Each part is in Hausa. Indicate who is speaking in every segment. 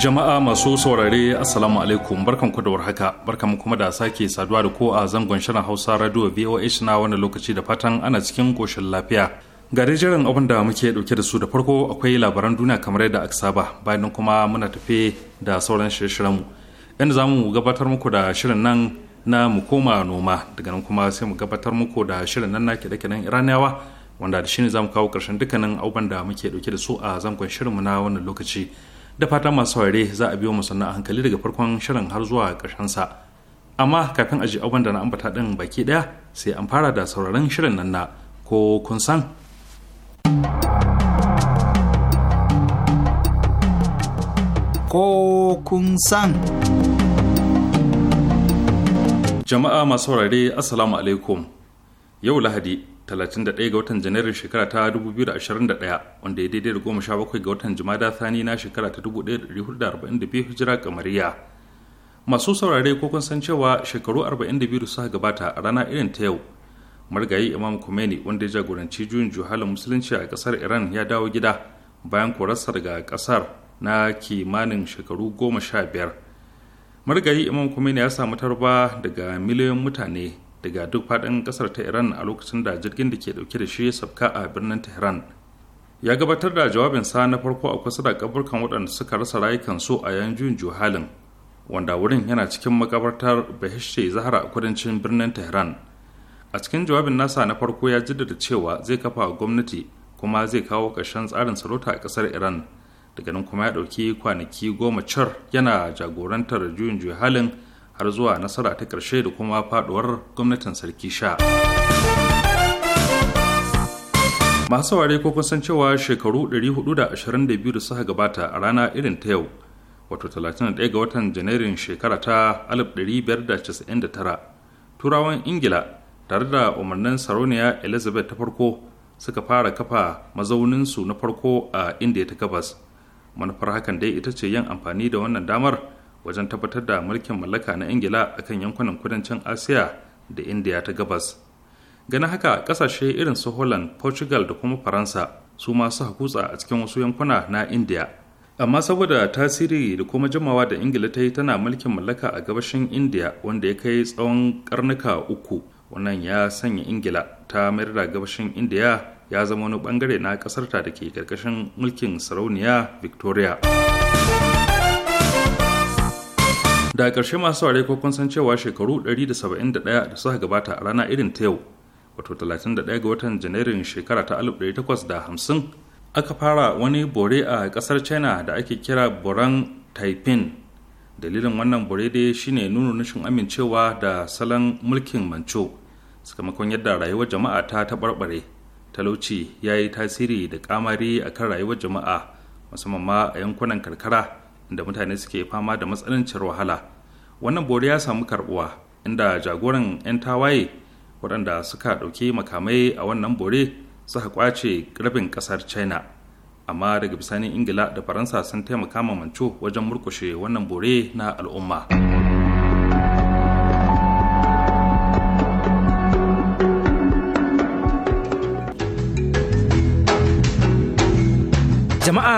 Speaker 1: Jama'a masu saurare Assalamu alaikum ku da warhaka barkanku kuma da sake saduwa da ko a zangon shirin Hausa Radio VOH na wani lokaci da fatan ana cikin koshin lafiya. Ga jiran abin da muke dauke da su da farko akwai labaran duniya kamar yadda aka saba bayan kuma muna tafe da sauran shirye-shiryen mu. Yanzu zamu gabatar muku da shirin nan na mu koma noma daga nan kuma sai mu gabatar muku da shirin nan na kiɗe-kiɗen Iraniyawa wanda da shine zamu kawo ƙarshen dukkanin abubuwan da muke dauke da su a zangon shirin mu na wannan lokaci. da fatan masu saurare za a biyo musanna a hankali daga farkon shirin har zuwa ƙarshen sa amma kafin a ji abin da na ambata din baki ɗaya sai an fara da sauraron shirin nan na ko kun san ko kun san jama'a masu saurare assalamu alaikum yau lahadi 31 ga watan janairun shekara ta 2021 wanda ya daidai da 17 ga watan jumada thani na shekara ta 1442 hijira kamariya masu saurare ko kun san cewa shekaru 42 da suka gabata a rana irin ta yau margayi imam Khomeini wanda ya jagoranci juyin juhalin musulunci a kasar iran ya dawo gida bayan korarsa daga kasar na kimanin shekaru 15 margayi imam Khomeini ya samu tarba daga miliyoyin mutane daga duk faɗin ƙasar ta iran a lokacin da jirgin da ke ɗauke da shi ya sabka a birnin tehran ya gabatar da jawabin sa na farko a kusa da kaburkan waɗanda suka rasa rayukansu a 'yan juyin juhalin wanda wurin yana cikin makabartar bahishte zahra a kudancin birnin tehran a cikin jawabin nasa na farko ya jaddada cewa zai kafa gwamnati kuma zai kawo ƙarshen tsarin sarauta a ƙasar iran daga nan kuma ya ɗauki kwanaki goma car yana jagorantar juyin juhalin har zuwa nasara ta karshe da kuma faduwar gwamnatin sarki sha masu saurare ko kusan cewa shekaru 422 da suka gabata a rana irin ta yau wato 31 ga watan janairun shekara ta 1599 turawan ingila tare da umarnin sarauniya elizabeth ta farko suka fara kafa mazauninsu na farko a indiya ta gabas manufar hakan dai ita ce yin amfani da wannan damar wajen tabbatar da mulkin mallaka na ingila a kan yankunan kudancin asiya da indiya ta gabas ganin haka kasashe irin su holland portugal da kuma faransa su masu hakutsa a cikin wasu yankuna na indiya amma saboda tasiri da kuma jimawa da ingila ta yi tana mulkin mallaka a gabashin indiya wanda ya kai tsawon karnuka uku wannan ya sanya ingila ta mayar da gabashin indiya ya zama wani bangare na kasarta da ke karkashin mulkin sarauniya victoria da ƙarshe masu ware ko kun san cewa shekaru 171 da suka gabata a rana irin ta yau wato 31 ga watan janairun shekara ta 1850 aka fara wani bore a ƙasar china da ake kira boran taipin dalilin wannan bore dai shine nuna nishin amincewa da salon mulkin manco sakamakon yadda rayuwar jama'a ta taɓarɓare talauci ya yi tasiri da kamari akan rayuwar jama'a musamman ma a yankunan karkara da mutane suke fama da matsanancin wahala wannan bori ya samu karbuwa inda jagoran 'yan tawaye waɗanda suka ɗauki makamai a wannan bore suka kwace rabin ƙasar china amma daga bisanin ingila da faransa sun taimaka ma manco wajen murkushe wannan bore na al'umma.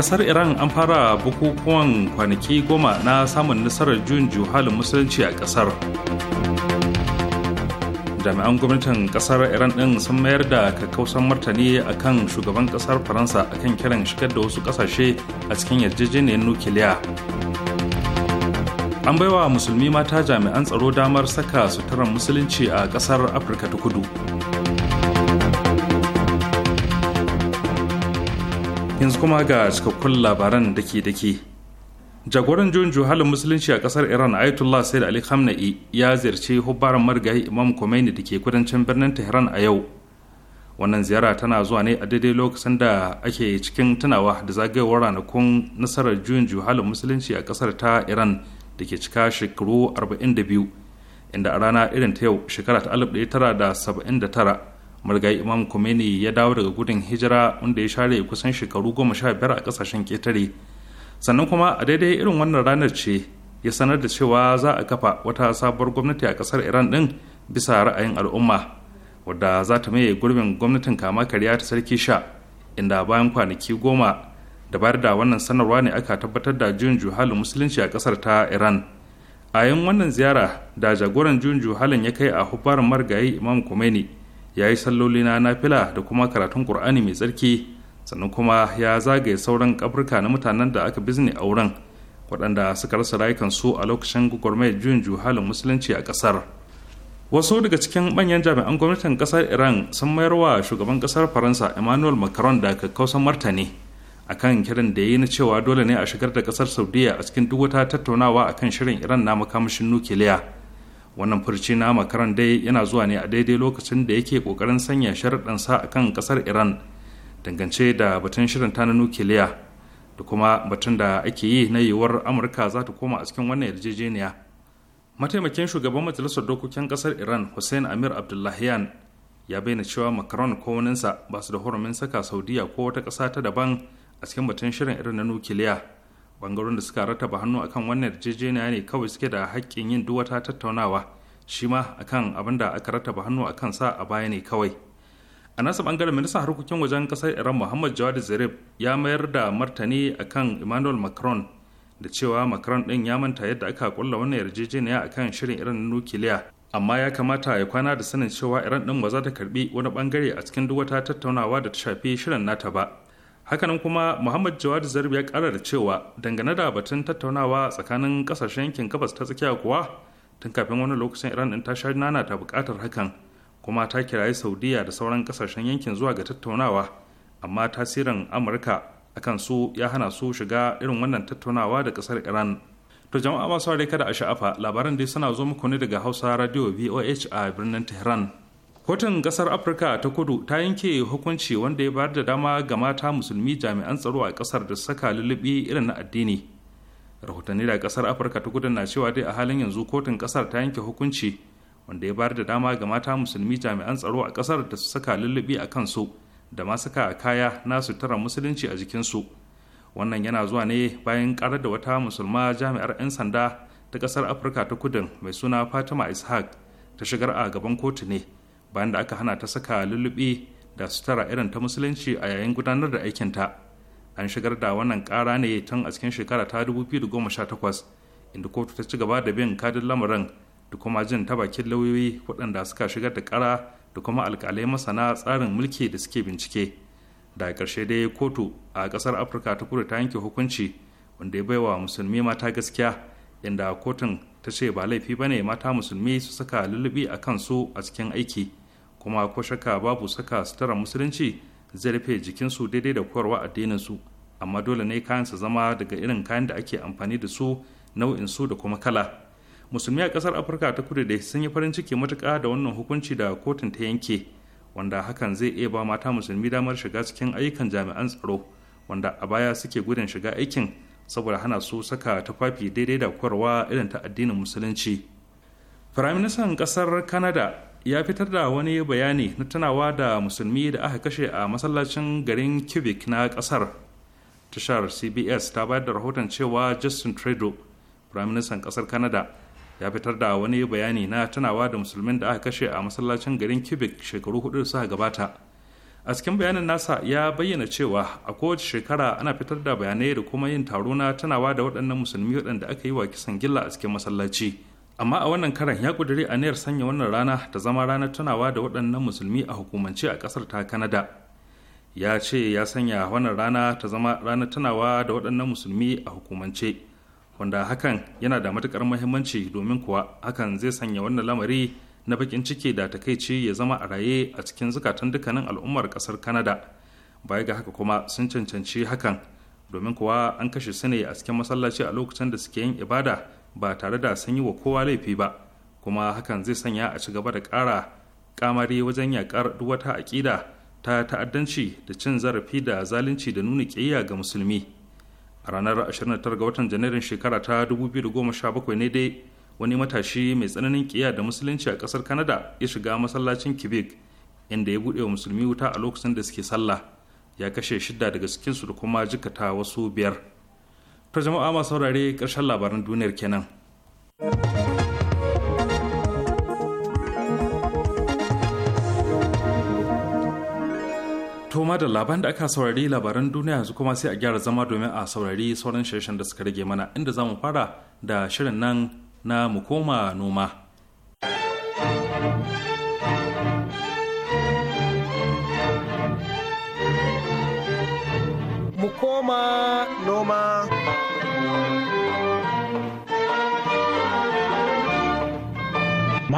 Speaker 1: kasar iran an fara bukukuwan kwanaki goma na samun nasarar juyin juhalin musulunci a kasar jami'an gwamnatin kasar iran din sun mayar da kakkausan martani a kan shugaban kasar faransa a kan kiran shigar da wasu kasashe a cikin yarjejeniyar nukiliya an baiwa musulmi mata jami'an tsaro damar saka suturar musulunci a kasar afirka ta kudu yanzu kuma ga cikakkun labaran da ke da ke jagoran junju halin musulunci a ƙasar iran ayatollah said ali khamenei ya ziyarci hubbaran marigayi imam khomeini da ke kudancin birnin tehran a yau wannan ziyara tana zuwa ne a daidai lokacin da ake cikin tunawa da zagayowar ranakun nasarar juyin juhalin musulunci a kasar ta iran da ke cika shekaru 42 inda a rana irin ta yau shekara ta 1979 marigayi imam khomeini ya dawo daga gudun hijira wanda ya share kusan shekaru goma sha biyar a kasashen ketare sannan kuma a daidai irin wannan ranar ce ya sanar da cewa za a kafa wata sabuwar gwamnati a kasar iran din bisa ra'ayin al'umma wadda za ta maye gurbin gwamnatin kama kariya ta sarki sha inda bayan kwanaki goma da bayar da wannan sanarwa ne aka tabbatar da juyin juhalin musulunci a kasar ta iran a yin wannan ziyara da jagoran juyin juhalin ya kai a hubbarin margayi imam khomeini ya yi salloli na nafila da kuma karatun qur'ani mai tsarki sannan kuma ya zagaye sauran kafirka na mutanen da aka bizne a wurin waɗanda suka rasa rayukansu a lokacin gwagwarmayar juyin juhalin musulunci a ƙasar wasu daga cikin manyan jami'an gwamnatin ƙasar iran sun mayar wa shugaban ƙasar faransa emmanuel macron da kakkausan martani a kan kiran da ya yi na cewa dole ne a shigar da ƙasar saudiya a cikin duk wata tattaunawa a kan shirin iran na makamashin nukiliya wannan furci na makaran dai yana zuwa ne a daidai lokacin da yake kokarin sanya sharaɗansa a kan ƙasar iran dangance da batun shirin ta na nukiliya da kuma batun da ake yi na yiwuwar amurka za ta koma a cikin wannan yarjejeniya mataimakin shugaban majalisar dokokin ƙasar iran hussein amir abdullahian ya bayyana cewa makaron ko waninsa ba su da hurumin saka saudiya ko wata ƙasa ta daban a cikin batun shirin irin na nukiliya bangaren da suka rataba hannu akan wannan yarjejeniya ne kawai suke da haƙƙin yin duk wata tattaunawa shi ma akan abin da aka rataba hannu akan sa a baya ne kawai a nasa bangaren ministan harkokin wajen kasar iran muhammad jawad zarif ya mayar da martani akan emmanuel macron da cewa macron din ya manta yadda aka kulla wannan yarjejeniya akan shirin iran nukiliya amma ya kamata ya kwana da sanin cewa iran din ba za ta karbi wani bangare a cikin duk wata tattaunawa da ta shafi shirin nata ba hakanan kuma muhammad jawad zarbi ya kara da cewa dangane da batun tattaunawa tsakanin kasashen yankin gabas ta tsakiya kuwa tun kafin wani lokacin iran din ta sha nana ta bukatar hakan kuma ta kirayi saudiya da sauran kasashen yankin zuwa ga tattaunawa amma tasirin amurka akan su ya hana su shiga irin wannan tattaunawa da kasar iran to jama'a masu kada a sha'afa labaran dai suna zo muku ne daga hausa radio voh a birnin tehran kotun ƙasar afirka ta kudu ta yanke hukunci wanda ya bayar da dama ga mata musulmi jami'an tsaro a kasar da saka lullubi irin na addini rahotanni daga kasar afirka ta kudu na cewa dai a halin yanzu kotun kasar ta yanke hukunci wanda ya bayar da dama ga mata musulmi jami'an tsaro a kasar da su saka lullubi a kansu da ma saka kaya na sutura musulunci a jikinsu wannan yana zuwa ne bayan karar da wata musulma jami'ar 'yan sanda ta kasar afirka ta kudu mai suna fatima ishaq ta shigar a gaban kotu ne bayan da aka hana ta saka lullubi da sutura irin ta musulunci a yayin gudanar da aikinta an shigar da wannan ƙara ne tun a cikin shekara ta 2018 inda kotu ta ci gaba da bin kadin lamarin da kuma jin ta bakin lauyoyi waɗanda suka shigar da ƙara da kuma alƙalai masana tsarin mulki da suke bincike da ƙarshe dai kotu a ƙasar afirka ta kudu ta yanke hukunci wanda ya baiwa musulmi mata gaskiya inda kotun ta ce ba laifi bane mata musulmi su saka lullubi a kansu a cikin aiki kuma ko shaka babu saka sutura musulunci zai rufe jikinsu daidai da koyarwa addininsu amma dole ne kayan su zama daga irin kayan da ake amfani da su nau'in su da kuma kala musulmi a kasar afirka ta kudu da sun yi farin ciki matuƙa da wannan hukunci da kotun ta yanke wanda hakan zai iya ba mata musulmi damar shiga cikin ayyukan jami'an tsaro wanda a baya suke gudun shiga aikin saboda hana su saka tufafi daidai da kwarwa irin ta addinin musulunci firaministan kasar kanada ya fitar da wani bayani na tunawa da musulmi da aka kashe a masallacin garin cubic na kasar tashar cbs ta bayar da rahoton cewa justin trudeau firaministan kasar canada ya fitar da wani bayani na tunawa da musulmin da aka kashe a masallacin garin cubic shekaru hudu da suka gabata a cikin bayanin nasa ya bayyana cewa a kowace shekara ana fitar da bayanai da kuma yin taro na tunawa da waɗannan musulmi waɗanda aka yi wa kisan gilla a cikin masallaci amma a wannan karan ya ƙudiri aniyar sanya wannan rana ta zama ranar tunawa da waɗannan musulmi a hukumance a ƙasar ta kanada ya ce ya sanya wannan rana ta zama ranar tunawa da waɗannan musulmi a hukumance wanda hakan yana da matuƙar muhimmanci domin kuwa hakan zai sanya wannan lamari na bakin ciki da takaici ya zama a raye a cikin zukatan dukkanin al'ummar ƙasar kanada baya ga haka kuma sun cancanci hakan domin kuwa an kashe su ne a cikin masallaci a lokacin da suke yin ibada ba tare da sun yi wa kowa laifi ba kuma hakan zai sanya a ci gaba da ƙara kamari wajen yaƙar duk wata aƙida ta ta'addanci da cin zarafi da zalunci da nuna ƙiyayya ga musulmi a ranar 29 ga watan janairun shekara ta 2017 ne dai wani matashi mai tsananin ƙiyayya da musulunci a ƙasar kanada ya shiga masallacin kibik inda ya buɗe wa musulmi wuta a lokacin da suke sallah ya kashe shidda daga cikinsu da kuma jikata wasu biyar ta jama'a masu saurare ƙarshen labaran duniyar kenan. To da labaran da aka saurari labaran duniya yanzu kuma sai a gyara zama domin a saurari sauran shirin da suka rage mana inda za mu fara da shirin nan na mu koma noma.
Speaker 2: Mu noma.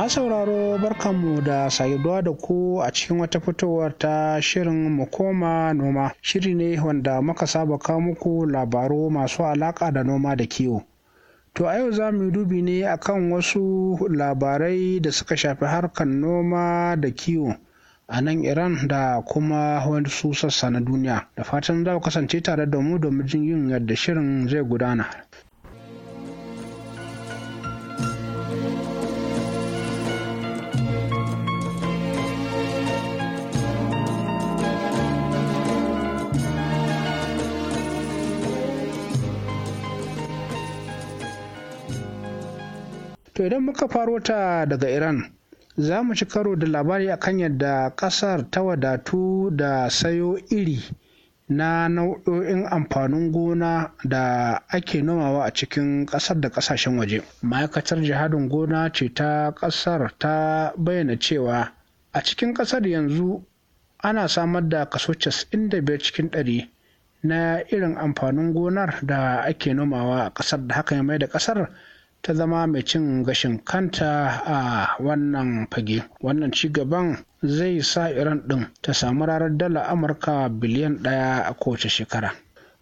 Speaker 2: Ma sauraro barkanmu da saduwa da ku a cikin wata fitowar ta shirin mu koma noma. Shiri ne wanda muka saba kawo muku labaru masu alaƙa da noma da kiwo. To a yau za mu dubi ne akan wasu labarai da suka shafi harkar noma da kiwo a nan Iran da kuma wani sassa na duniya. Da fatan za ku kasance tare da mu domin jin yadda shirin zai gudana. To idan muka faro ta daga Iran, za mu ci karo da labari a kan yadda ƙasar ta wadatu da sayo iri na nau'o'in amfanin gona da ake nomawa a cikin ƙasar da ƙasashen waje. Ma'aikatar jihadin gona ce ta ƙasar ta bayyana cewa a cikin ƙasar yanzu ana samar da kaso 95 cikin ɗari. na irin amfanin gonar da ake nomawa a ƙasar da haka ya mai da ƙasar ta zama mai cin gashin kanta a wannan fage wannan ci gaban zai sa iran ɗin ta samu rarar dala amurka biliyan ɗaya a kowace shekara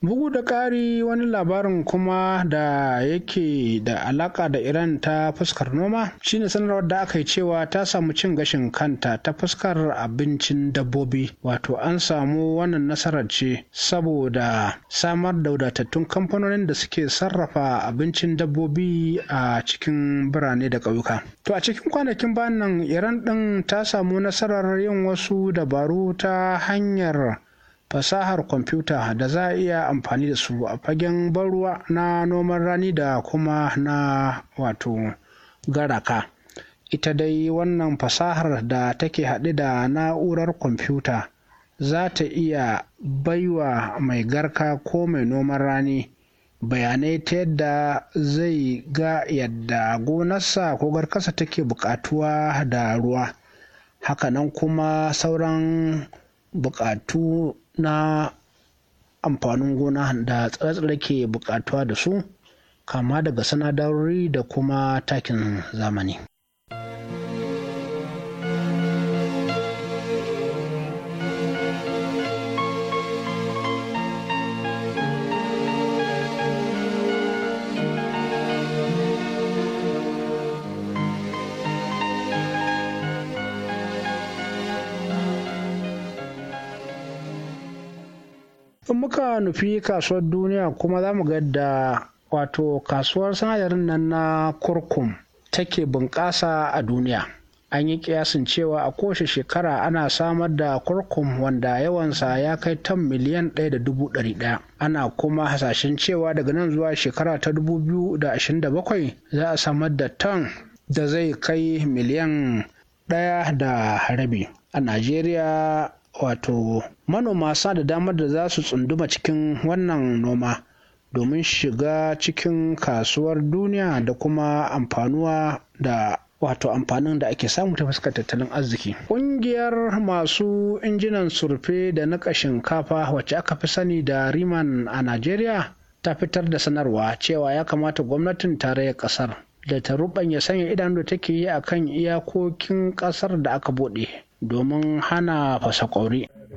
Speaker 2: bugu da ƙari wani labarin kuma da yake da alaƙa da iran ta fuskar noma shine sanarwar da aka yi cewa ta samu cin gashin kanta ta fuskar abincin dabbobi wato an samu wannan nasarar ce saboda samar da wadatattun kamfanonin da suke sarrafa abincin dabbobi a cikin birane da ƙauyuka to a cikin kwanakin bayan nan iran ɗin ta samu nasarar yin wasu dabaru ta hanyar fasahar kwamfuta da za a iya amfani da su a fagen ban ruwa na noman rani da kuma na wato garaka ita dai wannan fasahar da take haɗe da na'urar kwamfuta za ta iya baiwa mai garka ko mai noman rani bayanai ta yadda zai ga yadda gonarsa ko garkasa take buƙatuwa da ruwa hakanan kuma sauran buƙatu na amfanin gona da tsare-tsare ke buƙatuwa da su kama daga sanadarori da kuma takin zamani. in muka nufi kasuwar duniya kuma za mu ga yadda wato kasuwar sinadarin nan na kurkum take bunƙasa a duniya an yi kiyasin cewa a kowace shekara ana samar da kurkum wanda yawansa ya kai tan miliyan ɗaya da dubu ɗari ɗaya ana kuma hasashen cewa daga nan zuwa shekara ta dubu biyu da ashirin da bakwai za a samar da tan da zai kai miliyan ɗaya da rabi a najeriya wato manoma sa da damar da za su tsunduma cikin wannan noma domin shiga cikin kasuwar duniya da kuma amfanuwa da wato amfanin da ake samu ta fuskar tattalin arziki. Ƙungiyar masu injinan surfe da na shinkafa wacce aka fi sani da Riman a Najeriya ta fitar da sanarwa cewa ya kamata gwamnatin tarayyar ƙasar da ta ruɓanya sanya idanu da take yi akan iyakokin ƙasar da aka buɗe domin hana fasa ƙauri.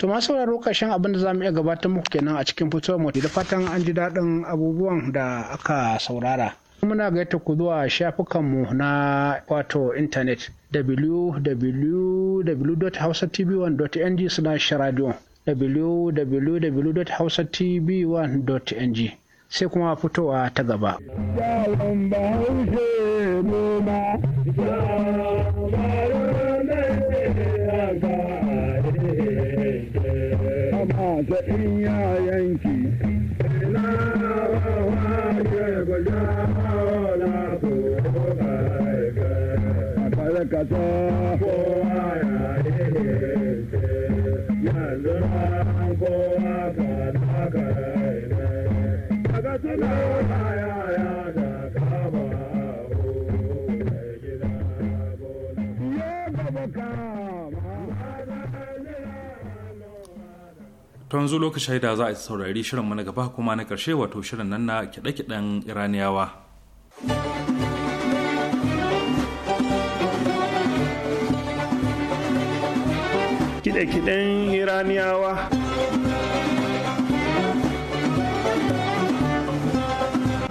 Speaker 2: To ma sauraro kashin abin da za mu iya gabatar muku kenan a cikin fitowar mu da fatan an ji daɗin abubuwan da aka saurara. Muna gaita ku zuwa shafukanmu na wato intanet www.hausatv1.ng slash radio www.hausatv1.ng sai kuma fitowa ta gaba.
Speaker 3: kasa kowa ya daidaita
Speaker 4: yanzu ma kowa ka na karai daga suna yaya da kama
Speaker 1: yanzu lokacin da za a saurari shirin na gaba kuma na ƙarshe wato shirin nan na kiɗe-kiɗen iraniyawa kide-kiden
Speaker 5: iraniyawa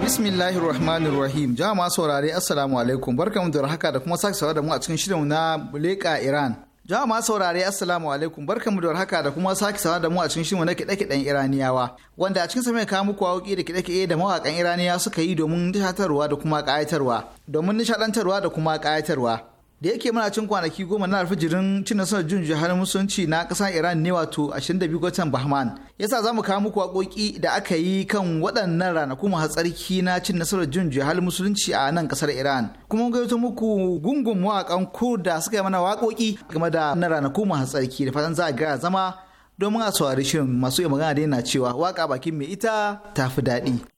Speaker 5: bismillahir rahmanir rahim jama'a saurare assalamu alaikum barkamu da haka da kuma sake saurare da mu a cikin shirin na leka iran jama'a saurare assalamu alaikum barkamu da haka da kuma sake saurare da mu a cikin shirin na kiɗe-kiɗen iraniyawa wanda a cikin sa mai kawo muku waƙoƙi da kiɗe-kiɗe da mawakan iraniya suka yi domin nishadantarwa da kuma kayatarwa domin nishaɗantarwa da kuma ƙayatarwa da yake muna cin kwanaki goma na alfijirin cin nasarar jin jihar musulunci na ƙasar iran ne wato 22 watan bahman yasa za mu kawo muku waƙoƙi da aka yi kan waɗannan ranaku masu tsarki na cin nasarar jin jihar musulunci a nan kasar iran kuma mun gaito muku gungun mawaƙan kurda suka yi mana waƙoƙi game da na ranaku masu tsarki da fatan za a gaya zama domin a saurari shirin masu iya magana da yana cewa waƙa bakin mai ita tafi daɗi.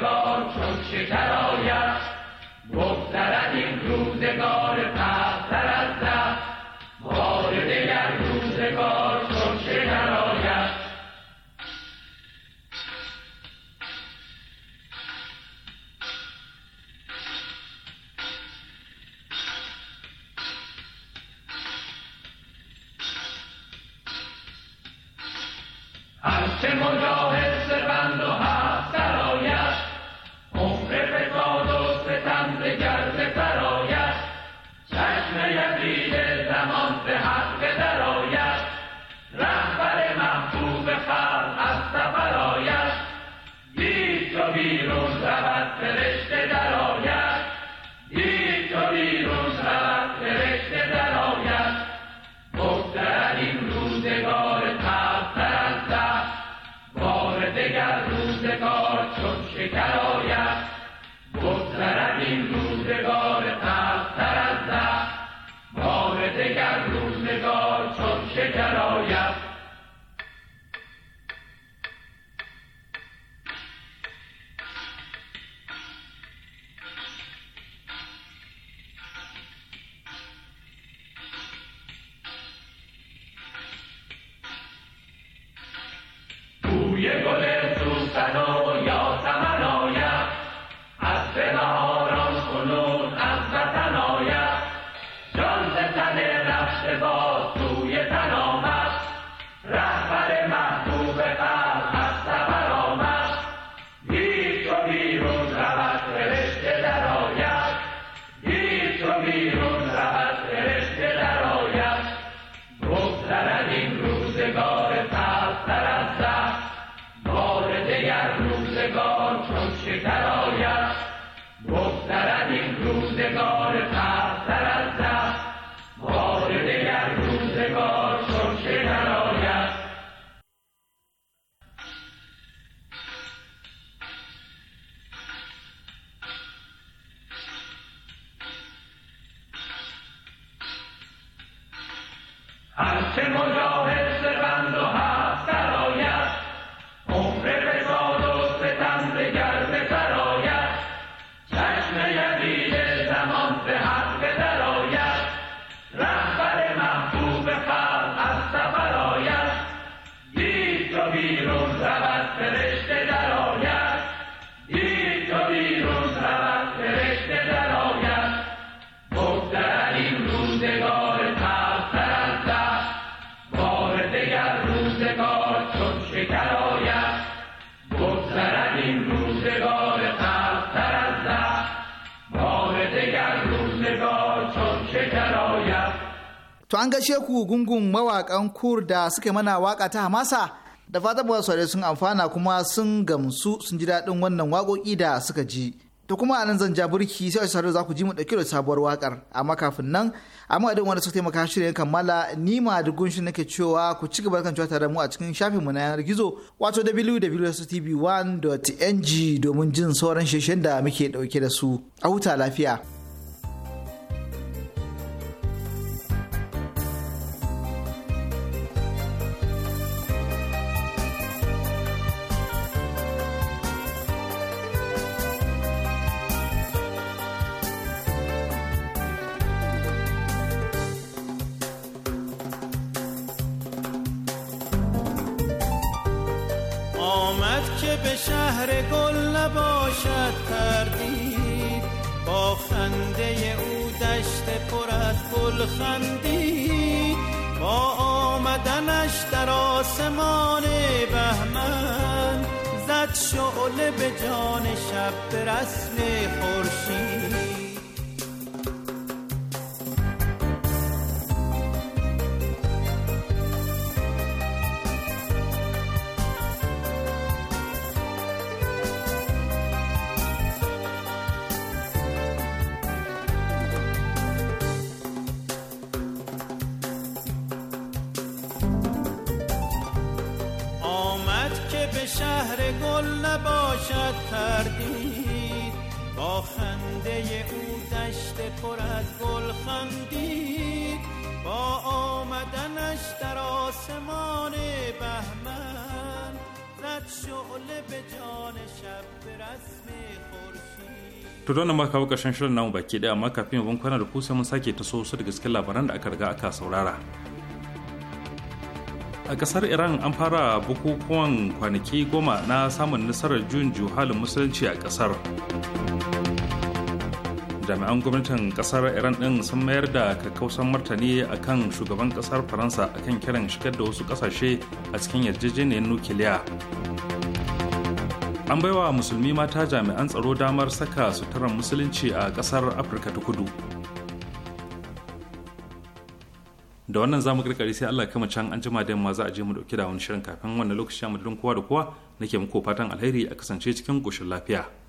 Speaker 4: روزگار چون شکر آید بگذرد این روزگار پس
Speaker 3: me
Speaker 5: To an gashe ku gungun mawakan kur da suka mana waka ta hamasa da fata ba su sun amfana kuma sun gamsu sun ji daɗin wannan waƙoƙi da suka ji. To kuma anan zan ja burki sai wasu za ku ji mu ɗauki da sabuwar waƙar amma kafin nan amma adin wanda suka taimaka shirin kammala ni ma da gunshin nake cewa ku ci gaba kan cewa tare mu a cikin shafin mu na yanar gizo wato www.tv1.ng domin jin sauran shirye da muke ɗauke da su a huta lafiya.
Speaker 2: به شهر گل نباشد تردید با خنده او دشت پر از گل خندید
Speaker 3: با آمدنش در آسمان بهمن
Speaker 2: زد شعله به جان شب به رسم خورشید به شهر گل نباشد تردید با خنده او دشت پر از گل خندید با آمدنش در آسمان بهمن زد شعله به جان شب به رسم
Speaker 1: to don ma kawo ƙarshen shirin namu baki daya amma kafin mun kwana da kusa mun sake ta so su da gaske labaran da aka riga aka saurara a kasar iran an fara bukukuwan kwanaki goma na samun nasarar juyin juhalin musulunci a kasar jami'an gwamnatin kasar iran din sun mayar da kakkausan martani a kan shugaban kasar faransa akan kiran shigar da wasu kasashe a cikin yarjejeniyar nukiliya an baiwa musulmi mata jami'an tsaro damar saka suturar musulunci a kasar afirka ta kudu da wannan zamu karkare sai Allah kama can an jima da yamma za a je mu dauki da wani shirin kafin wannan lokaci mu dudun kowa da kowa nake muku fatan alheri a kasance cikin koshin lafiya